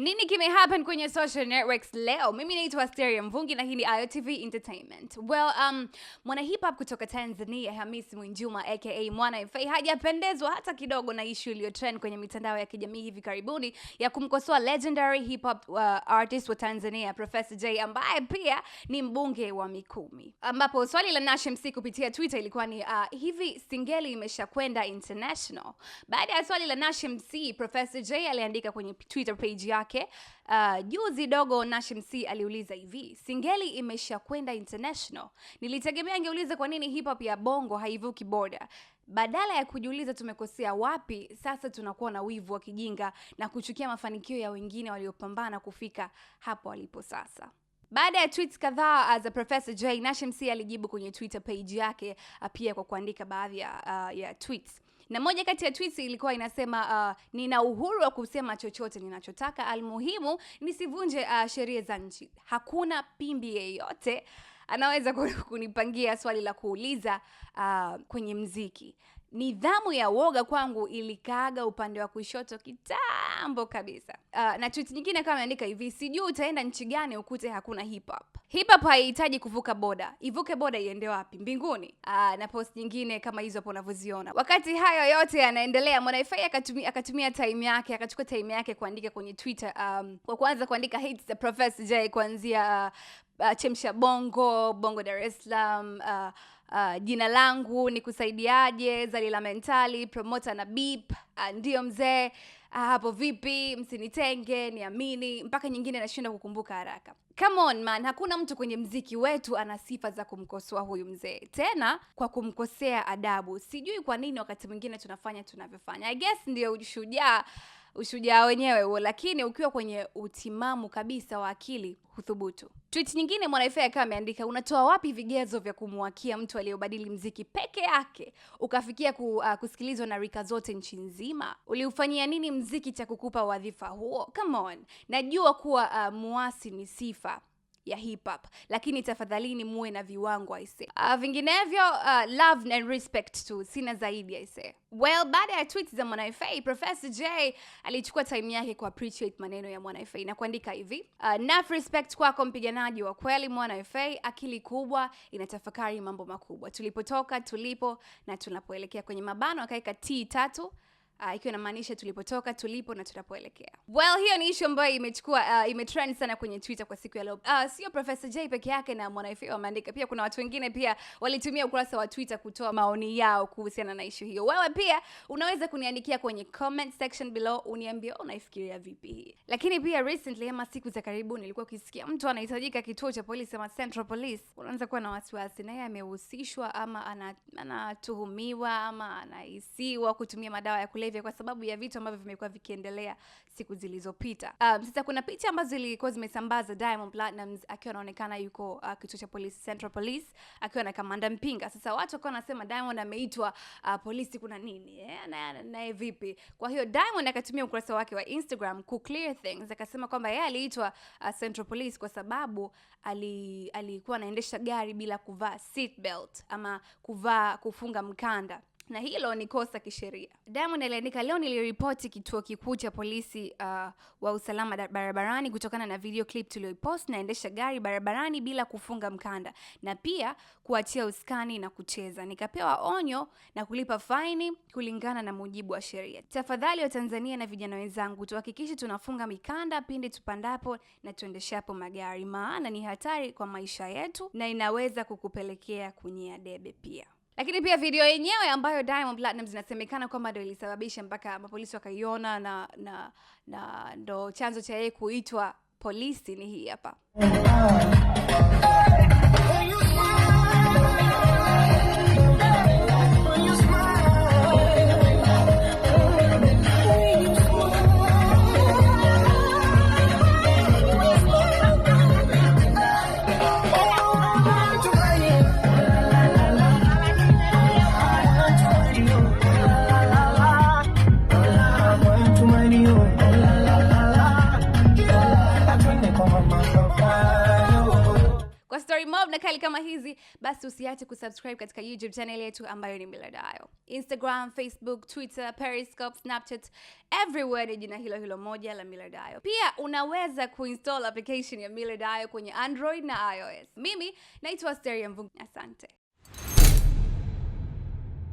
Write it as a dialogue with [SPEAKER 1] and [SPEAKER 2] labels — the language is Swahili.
[SPEAKER 1] Nini kimehappen kwenye social networks leo? Mimi naitwa Asteria Mvungi na hii ni AyoTV Entertainment. Well, um, mwana hip hop kutoka Tanzania Hamisi Mwinjuma aka Mwana FA hajapendezwa hata kidogo na ishu iliyo trend kwenye mitandao ya kijamii hivi karibuni ya kumkosoa legendary hip hop uh, artist wa Tanzania Professor j ambaye pia ni mbunge wa Mikumi, ambapo swali la Nash MC kupitia Twitter ilikuwa ni uh, hivi singeli imeshakwenda international? Baada ya swali la Nash MC, Professor j aliandika kwenye Twitter page yake wake. Uh, ah, juzi dogo Nashim C aliuliza hivi, Singeli imeshakwenda international. Nilitegemea angeuliza kwa nini hip hop ya Bongo haivuki boda. Badala ya kujiuliza tumekosea wapi, sasa tunakuwa na wivu wa kijinga na kuchukia mafanikio ya wengine waliopambana kufika hapo walipo sasa. Baada ya tweets kadhaa za Professor Jay, Nashim C alijibu kwenye Twitter page yake ah, pia kwa kuandika baadhi ya, uh, ya tweets na moja kati ya tweets ilikuwa inasema uh, nina uhuru wa kusema chochote ninachotaka, almuhimu nisivunje uh, sheria za nchi. Hakuna pimbi yeyote anaweza kunipangia swali la kuuliza uh, kwenye mziki. Nidhamu ya woga kwangu ilikaaga upande wa kushoto kitambo kabisa. Uh, na tweet nyingine kama ameandika hivi, sijui utaenda nchi gani ukute hakuna hip hop Hip hop haihitaji kuvuka boda, ivuke boda iende wapi? Mbinguni. Aa, ah, na post nyingine kama hizo hapo unavyoziona. Wakati hayo yote yanaendelea, Mwanaifai akatumia akatumia time yake, akachukua time yake kuandika kwenye Twitter, um, kwa kwanza kuandika hits the Professor Jay kuanzia uh, uh, Chemsha Bongo, Bongo Dar es Salaam, uh, Uh, jina langu ni kusaidiaje, Zalila Mentali, promota na Beep. Uh, ndiyo mzee. Uh, hapo vipi, msinitenge, niamini. Mpaka nyingine nashinda kukumbuka haraka. Come on man, hakuna mtu kwenye mziki wetu ana sifa za kumkosoa huyu mzee, tena kwa kumkosea adabu. Sijui kwa nini wakati mwingine tunafanya tunavyofanya. I guess ndiyo ushujaa ushujaa wenyewe huo, lakini ukiwa kwenye utimamu kabisa wa akili huthubutu. Tweet nyingine mwanaifa akawa ameandika, unatoa wapi vigezo vya kumwakia mtu aliyobadili mziki peke yake ukafikia ku, uh, kusikilizwa na rika zote nchi nzima? Uliufanyia nini mziki cha kukupa wadhifa huo? Come on, najua kuwa uh, muasi ni sifa ya hip hop, lakini tafadhalini muwe na viwango aise. Uh, ah, vinginevyo uh, love and respect tu, sina zaidi aise. Well, baada ya tweet za Mwanafa, Professor J alichukua time yake ku appreciate maneno ya Mwanafa na kuandika hivi uh, respect kwako mpiganaji wa kweli Mwanafa, akili kubwa inatafakari mambo makubwa, tulipotoka, tulipo na tunapoelekea kwenye mabano, akaweka T tatu uh, ikiwa inamaanisha tulipotoka, tulipo na tutapoelekea. Well, hiyo ni ishu ambayo imechukua uh, imetrend sana kwenye Twitter kwa siku ya leo. Uh, sio Professor Jay peke yake na Mwanaifeo wameandika, pia kuna watu wengine pia walitumia ukurasa wa Twitter kutoa maoni yao kuhusiana na ishu hiyo. Wewe pia unaweza kuniandikia kwenye comment section below, uniambie unaifikiria vipi hii. Lakini pia recently, ama siku za karibu nilikuwa ukisikia mtu anahitajika kituo cha polisi ama Central Police, unaanza kuwa na wasiwasi naye amehusishwa ama anatuhumiwa ana ama anahisiwa kutumia madawa ya kule kulevya kwa sababu ya vitu ambavyo vimekuwa vikiendelea siku zilizopita. Um, sasa kuna picha ambazo zilikuwa zimesambaza Diamond Platnumz akiwa anaonekana yuko uh, kituo cha polisi Central Police akiwa na kamanda Mpinga. Sasa watu wakawa wanasema Diamond ameitwa uh, polisi, kuna nini eh, na, na, vipi? Kwa hiyo Diamond akatumia ukurasa wake wa Instagram ku clear things, akasema kwamba yeye aliitwa uh, Central Police kwa sababu ali alikuwa anaendesha gari bila kuvaa belt ama kuvaa kufunga mkanda na hilo ni kosa kisheria. Diamond aliandika leo, niliripoti kituo kikuu cha polisi uh, wa usalama barabarani kutokana na video clip tulioipost, naendesha gari barabarani bila kufunga mkanda na pia kuachia uskani na kucheza, nikapewa onyo na kulipa faini kulingana na mujibu wa sheria. Tafadhali wa Tanzania na vijana wenzangu, tuhakikishe tunafunga mikanda pindi tupandapo na tuendeshapo magari, maana ni hatari kwa maisha yetu na inaweza kukupelekea kunyia debe pia. Lakini pia video yenyewe ambayo Diamond platinum inasemekana kwamba ndio ilisababisha mpaka mapolisi wakaiona na na na ndo chanzo cha yeye kuitwa polisi ni hii hapa. club na kali kama hizi, basi usiache kusubscribe katika YouTube channel yetu ambayo ni Millardayo. Instagram, Facebook, Twitter, Periscope, Snapchat, everywhere ni jina hilo hilo moja la Millardayo. Pia unaweza kuinstall application ya Millardayo kwenye Android na iOS. Mimi naitwa steria Mvungi. Asante.